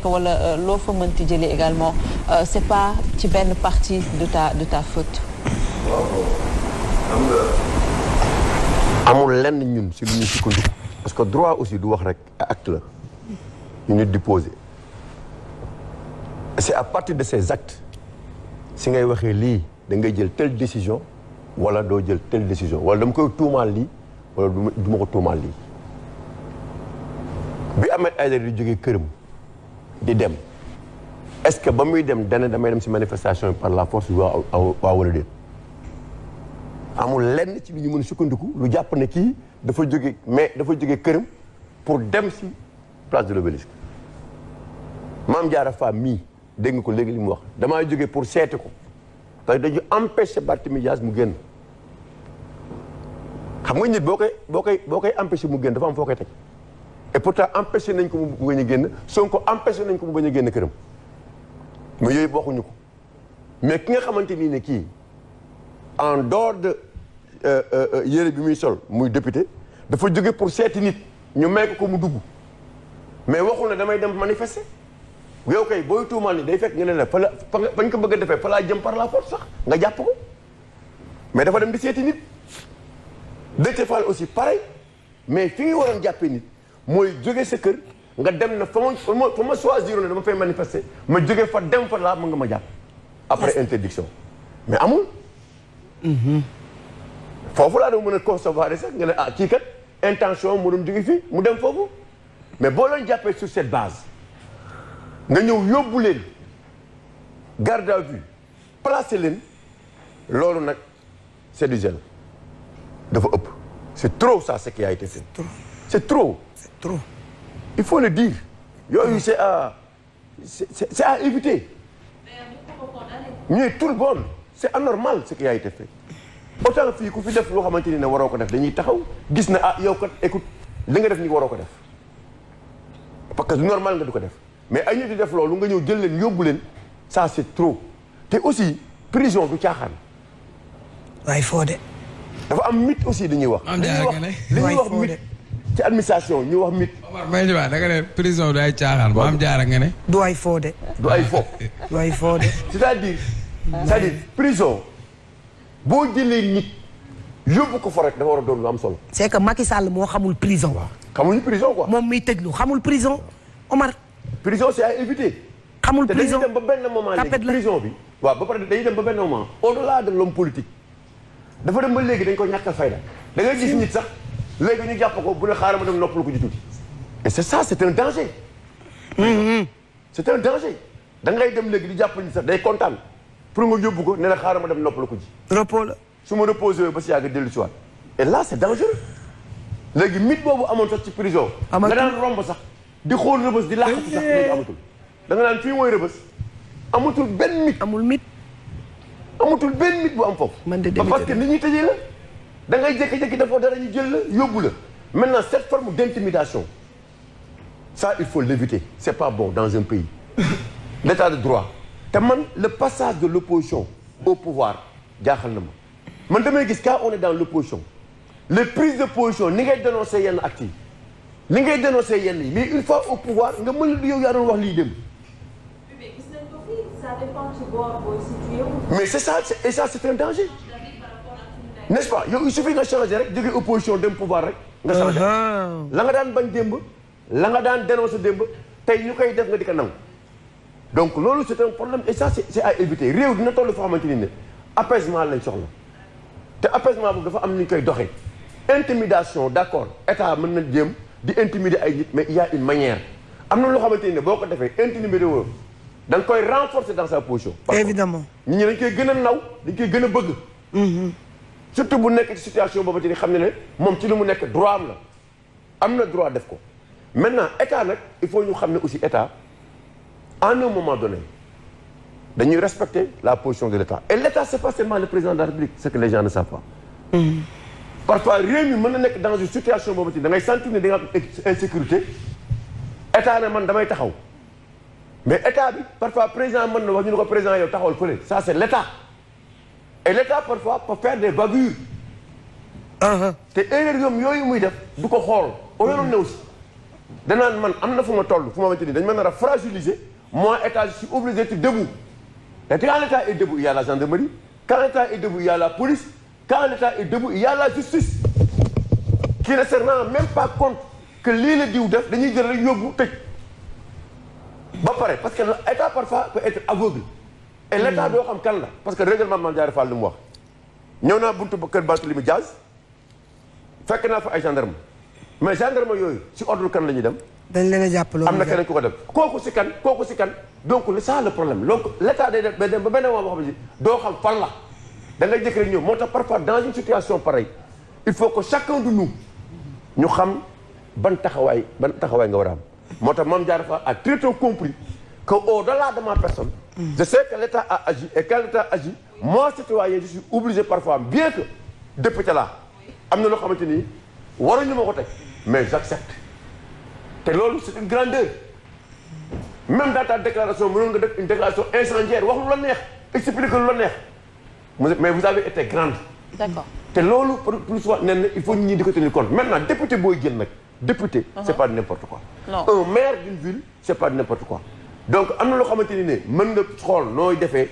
nekk wala euh, loo fa mënti jëlee également euh, c'est pas ci benn partie de ta de faute. amul lenn ñun si lu ñuy sukkandiku parce que droit aussi du wax rek ak la ñu nit di poser c'est à partie de ces actes si ngay waxee lii da ngay jël tele décision wala doo jël telle décision wala dama koy tuumaal lii wala du ma ko tuumaal lii bi Ahmed Aïdara di jógee këram di dem est-ce que ba muy dem dana damay dem si manifestation par la force waaw waaw wala déet amul lenn ci bi ñu mën sukkandiku lu jàpp ne kii dafa jóge mais dafa jóge këram pour dem ci place de l'obélisque Maam Diarra Fam mii dégg nga ko léegi li mu wax damaa jóge pour seeti ko parce que dañu empêché Barthélémy Dias mu génn xam nga nit boo koy boo koy boo koy empêché mu génn dafa am foo koy teg et pourtant empêché nañ ko mu bañ a génn Sonko empêché nañ ko mu bañ a génn këram mais yooyu waxuñu ko mais ki nga xamante nii ne kii en dehors de euh, euh, euh, yére bi muy sol muy député dafa jóge pour seeti nit ñu may ko mu dugg mais waxul ne damay dem manifester yow kay booy tuumaal ni day fekk nga ne la fa la fa ñu ko bëgg a defee fa laa jëm par la force sax nga jàpp ko mais dafa dem di seeti nit Déthié Fall aussi pareil mais fi nga waroon jàppee nit mooy jóge sa kër nga dem na fa ma fa ma choisir ne dama fay manifester ma jóge fa dem fa laa ma nga ma jàpp après interdiction mais amul mhm. foofu laa dama mën a concevoir sax nga ne ah kii kat intention mu doon jóge fii mu dem foofu mais boo leen jàppee sur cette base nga ñëw yóbbu leen garde à vue placé leen loolu nag c'est du gel dafa ëpp c'est trop ça ce qui a été fait c'est trop. c'est il faut le dire. yooyu c'est à c'est, c'est à éviter. mais tout le monde c'est anormal ce qui a été fait. autant fii ku fi def loo xamante ne waroo ko def dañuy taxaw gis na ah yow kat écoute li nga def ni waroo ko def parce que du normal nga du ko def mais ay ñu di def loolu nga ñëw jël leen yóbbu leen ça c'est trop te aussi prison du caaxaan. waay foo de. dafa am mythe aussi dañuy wax. dañuy wax dañuy wax mythe. ci administration ñu wax mit. may di wax da nga ne prison du ay caaxaan maam jaara nga ne. du ay foo de. du ay fo. de. c'est-à-dire prison boo jëlee nit yóbbu ko fa rek dafa war a doon lu am solo. c'est que Macky Sall moo xamul prison. waaw xamuñu prison quoi. moom miy tëjlu xamul prison Omar. prison c'est à éviter. xamul prison te dañuy dem ba benn moment bi. waaw ba pare dañuy dem ba benn moment au delà de l'homme politique ko sax. léegi ñu jàpp ko bu ne xaaral ma dem noppalu ko ji tuuti et c'est ça c'est un danger. c'est un danger da ngay dem léegi di jàpp ni sax day kontaan pour nga yóbbu ko ne la xaaral ma dem noppalu ko ji. repos la su ma reposé ba si yàgg dellu si waat e là se dangereux léegi mythe boobu amoon sax ci prison. amatul nga daan romb sax di xool rëbës di laaxatu sax eh. léegi amatul. da nga naan fii mooy rëbës amatul benn mythe. amul mythe. amatul benn mythe bu am foofu. man de parce que nit ñi tëjee la. da ngay jékki-jékki defoo dara ñu jël la yóbbu la maintenant cette forme d'intimidation ça il faut l'éviter c'est pas bon dans un pays l'état de droit te man le passage de l'opposition au pouvoir jaaxal na ma man damay gis quand on est dans l'opposition le prises de position ni ngay dénoncer yenn actes yi ni ngay dénoncer yenn yi mais une fois au pouvoir nga mën lu yow yaa doon wax lii dem mais c'est ça et ça c'est un danger n'est-ce pas yow il suffit nga changer rek jóge opposition dem pouvoir rek nga changer uh-huh. la nga daan bañ démb la nga daan dénoncer démb tey ñu koy def nga di ko nangu donc loolu c'est un problème et ça c'est à éviter réew dina toll foo xamante ni ne apaisement lañ soxla te apaisement boobu dafa am nu ñu koy doxee intimidation d'accord état mën na jéem di intimider ay nit mais il y a une manière am na loo xamante ni ne boo ko defee intimider woo da koy renforcer dans sa position évidemment nit ñi dañ koy gën a naw dañ koy gën a bëgg mm-hmm. surtout bu nekk ci situation boobu ci xam ne ne moom ci li mu nekk droit am la am na droit def ko maintenant état nag il faut ñu xam ne aussi état en un moment donné dañuy respecter la position de l'état et l'état c'est pas seulement le président de la République ce que les gens ne savent pas mmh. parfois réew mi mën na nekk dans une situation boobu ci da ngay sentir ne da nga am insécurité état ne man damay taxaw mais état bi parfois président mën na wax ñu ne ko président yow taxawal fële et l'État parfois peut faire des bavures. Uh-huh. te erreur yom yooyu muy def du ko xool. au ne aussi danaan man am na fu ma toll fu ma wante dañ ma nar a fragiliser mois état je suis obligé de debout. et quand l'État est debout il y a la gendarmerie quand l'État est debout il a la police quand l'État est debout il la justice qui ne se rend pas compte que lii la diw def dañuy jël rek yóbbu tëj ba pare parce que l'État parfois peut être aveugle. et hmm. l' doo xam kan la parce que règlement Mame Diarra Fall li mu wax ñëw naa buntu kër Barthélémy Dias fekk naa fa ay gendarme mais gendarme yooyu si ordre kan la ñuy dem. dañ leen jàpp loolu am na keneen ku ko def kooku si kan kooku si kan donc c'est ça le problème donc l' état day def ba dem ba benn waa boo xam doo xam fan la da ngay jëkk rek ñëw moo tax parfois dans une situation pareille il faut que chacun de nous ñu xam ban taxawaay ban taxawaay nga war a am moo tax Mame Diarra Fall a très tôt compris qu'au-delà de ma personne, mm. je sais que l'État a agi et quand l'État agit, moi, citoyen, je suis obligé parfois, bien que député là, am na loo xamante ni waruñu ma ko teg mais j'accepte te loolu c'est une grandeur même dans ta déclaration mënoon nga def une déclaration incendiaire wax lu la neex explique lu la neex mais vous avez été grande. te loolu pour plus souvent nee il faut ñi di ko tenir compte maintenant député booy génn nag député. Uh-huh. c'est pas n'importe quoi. maire d'une ville c'est pas n'importe quoi. donc am na loo xamante ni ne mën nga xool nooy defee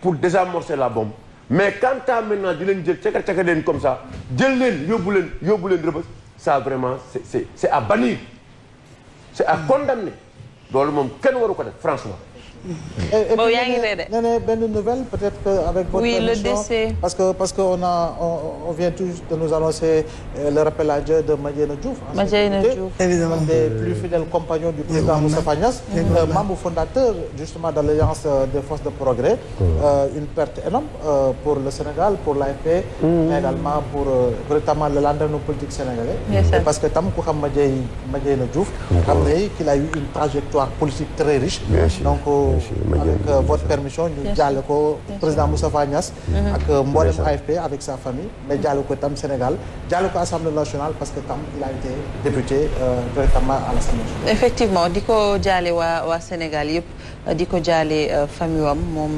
pour désamorcer la bombe mais quant à maintenant di leen jël caka caka leen comme ça jël leen yóbbu leen yóbbu leen rëbës ça vraiment c'est c'est c'est à bannir c'est à condamner loolu moom kenn waru ko def france franchement boobu yaa ngi nouvelle peut-être que avec votre oui, parce que parce que on a on, on vient tous de nous annoncer euh, le rappel de Madiène Diouf. Madiène Diouf évidemment euh, fondateur justement de euh, forces de progrès. une perte énorme pour le Sénégal pour l'AFP. Mmh. mais également pour notamment le politique sénégalais. parce que tam ku xam Madiène Madiène Diouf. xam trajectoire politique très riche. avec euh, votre permission ñu jàlle ko président Moustapha Niass mhm. ak euh, mboolem AFP avec sa famille mais jàlle ko tam Sénégal jàlle ko Assemblée nationale parce que tam il a été député euh, directement à l'Assemblée nationale effectivement di ko jaale waa waa Sénégal yëpp di ko jaale famille am moom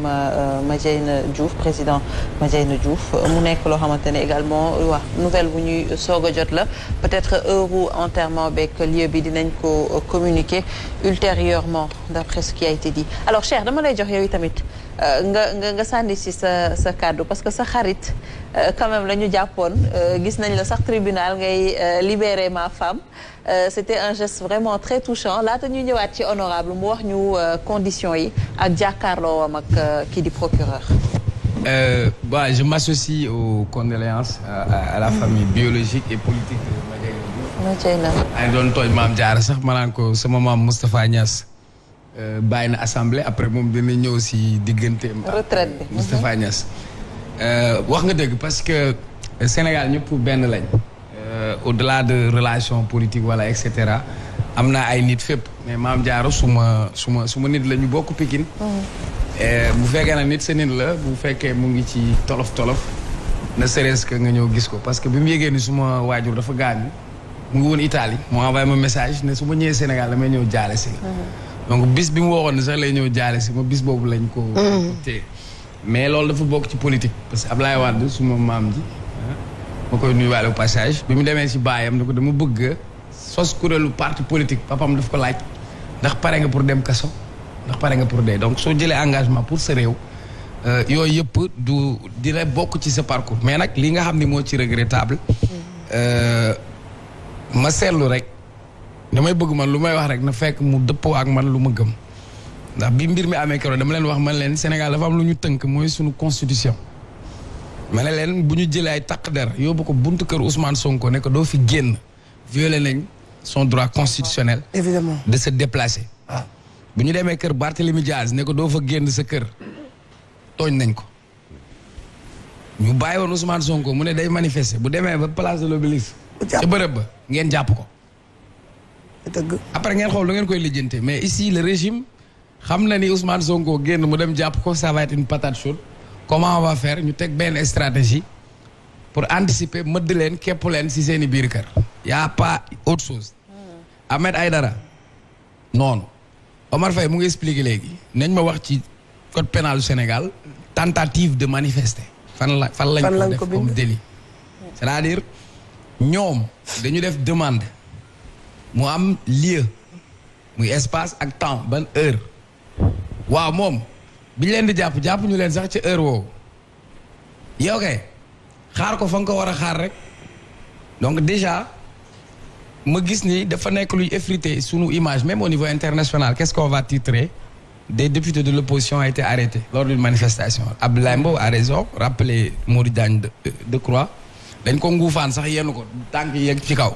Madiène Diouf président Madiène Diouf mu nekk loo xamante ne également waa nouvelle bu ñuy soog a jot la peut-être heure u enterrement beeg lieu bi dinañ ko communiqué ultérieurement d'après ce qui a alors Cheikh dama lay jox yow tamit euh, nga nga nga sànni si sa sa kàddu parce que sa xarit euh, quand même la ñu jàppoon euh, gis nañ la sax tribunal ngay libérer ma femme c'était un geste vraiment très touchant laata ñuy ñëwaat ci honorable mu wax ñu conditions yi ak jàkkaarloowam ak kii di procureur. Euh, bah, je m'associe aux condoléances à, à, à la famille biologique et politique de Madjaye Diouf. Madjaye Diouf maam Diarra sax ma naan ko sama maam Moustapha Niass. Euh, bàyyi na assemblée après moom dina ñëw si diggante. retraite bi mhm. euh, wax nga dëgg parce que euh, Sénégal ñëpp benn lañ. au-delà de relation politique wala et cetera am na ay nit fépp mais maam Diarra suma suma suma nit la ñu bokk Pikine. Mhm. bu fekkee na nit sa la bu fekkee mu ngi ci tolof tolof. ne serait-ce que ñëw gis ko parce que bi mu yégee ni suma waajur dafa gaañu mu ngi woon Italie mu envoyé ma message ne su ma ñëwee Sénégal damay ñëw jaale si donc bis bi mu waxoon ne sax lay ñëw jaare si ma bis boobu lañu ko mm. téye mais loolu dafa bokk ci politique parce que Ablaye Wade suma maam ji ah, ma koy nuyuwaale au passage bi mu demee si baayam na ko dama bëgg sos kuréelu parti politique papam daf ko laaj ndax pare nga pour dem kaso ndax pare nga pour dee donc soo jëlee engagement pour sa réew euh, yooyu yëpp du dina bokk ci sa parcours mais nag li nga xam ni moo ci regrettable mm. euh, ma seetlu rek damay bëgg man lu may wax rek na fekk mu dëppoo ak man lu ma gëm ndax bi mbir mi amee keroog dama leen wax man leen Sénégal dafa am lu ñu tënk mooy sunu constitution. ma ne leen bu ñu jëlee ay takk der yóbbu ko buntu kër Ousmane Sonko ne ko doo fi génn violé nañ son droit constitutionnel. évidemment de se déplacer. Ah. bu ñu demee kër Barthélemy Diaz ne ko doo fa génn sa kër tooñ nañ ko. ñu bàyyi woon Ousmane Sonko mu ne day manifester bu demee ba place de l'Obélisque. ca bërëb ba ngeen jàpp ko. dëgg après ngeen xool lu ngeen koy lijjante mais ici le régime xam na ni Ousmane Sonko génn mu dem jàpp ko ça va être une patate comment on va ñu teg benn stratégie pour anticiper mëdd leen képp leen si seen i biir kër. y' a pas autre chose. Hmm. Ahmed Aïdara noonu Omar Faye mu ngi expliqué léegi nañ ma wax ci code pénal du Sénégal tentative de manifester. fan la fan lañ ko def comme délit hmm. c'est-à-dire ñoom dañu def demande. mu am lieu muy espace ak temps ban heure waaw moom bi leen di jàpp jàpp ñu leen sax ci heure woowu yow xaar ko fa nga ko war a xaar rek donc déjà ma gis ni dafa nekk luy effrité sunu image même au niveau international qu'est-ce qu'on va titrer des députés de l'opposition ont été arrêtés lors d'une manifestation Abdoulaye Mbow a raison rappelé Modou Diagne euh, Decroix dañ ko nguufaan sax yenn ko tànk yeeg ci kaw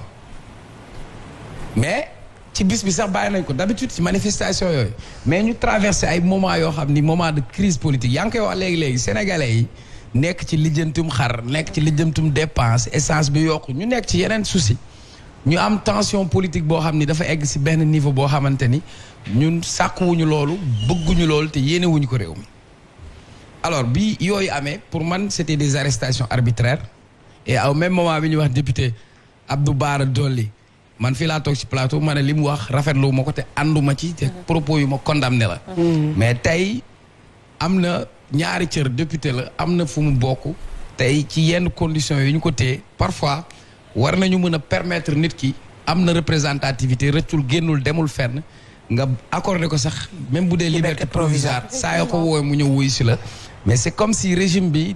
mais ci bis bi sax bàyyi nañ ko d'habitude ci manifestation yooyu mais ñu traversé ay moment yoo xam ni moment de crise politique yaa ngi koy wax léegi-léegi sénégalais yi nekk ci lijjantum xar nekk ci lijjantum dépense essence bi yokku ñu nekk ci yeneen souci ñu am tension politique boo xam ni dafa egg si benn niveau boo xamante ni ñun sàkkuwuñu loolu bëgguñu loolu te yéenewuñu ko réew mi alors bi yooyu amee pour man c'était des arrestation arbitraires et au même moment bi ñu wax député Abdou Bara Dolly man fii laa toog ci plateau ma ne li mu wax rafetlu ma ko te ànduma ci te propos yu ma condamné la mm. mais tey am na ñaari cër député la am na fu mu bokk tey ci yenn conditions yi ñu ko téye parfois war nañu mën a permettre nit ki am na représentativité rëccul génnul demul fenn nga accordé ko sax même bu dee liberté provisoire saa yoo ko woowee mu ñëw wuy si la mais c'est comme si régime bi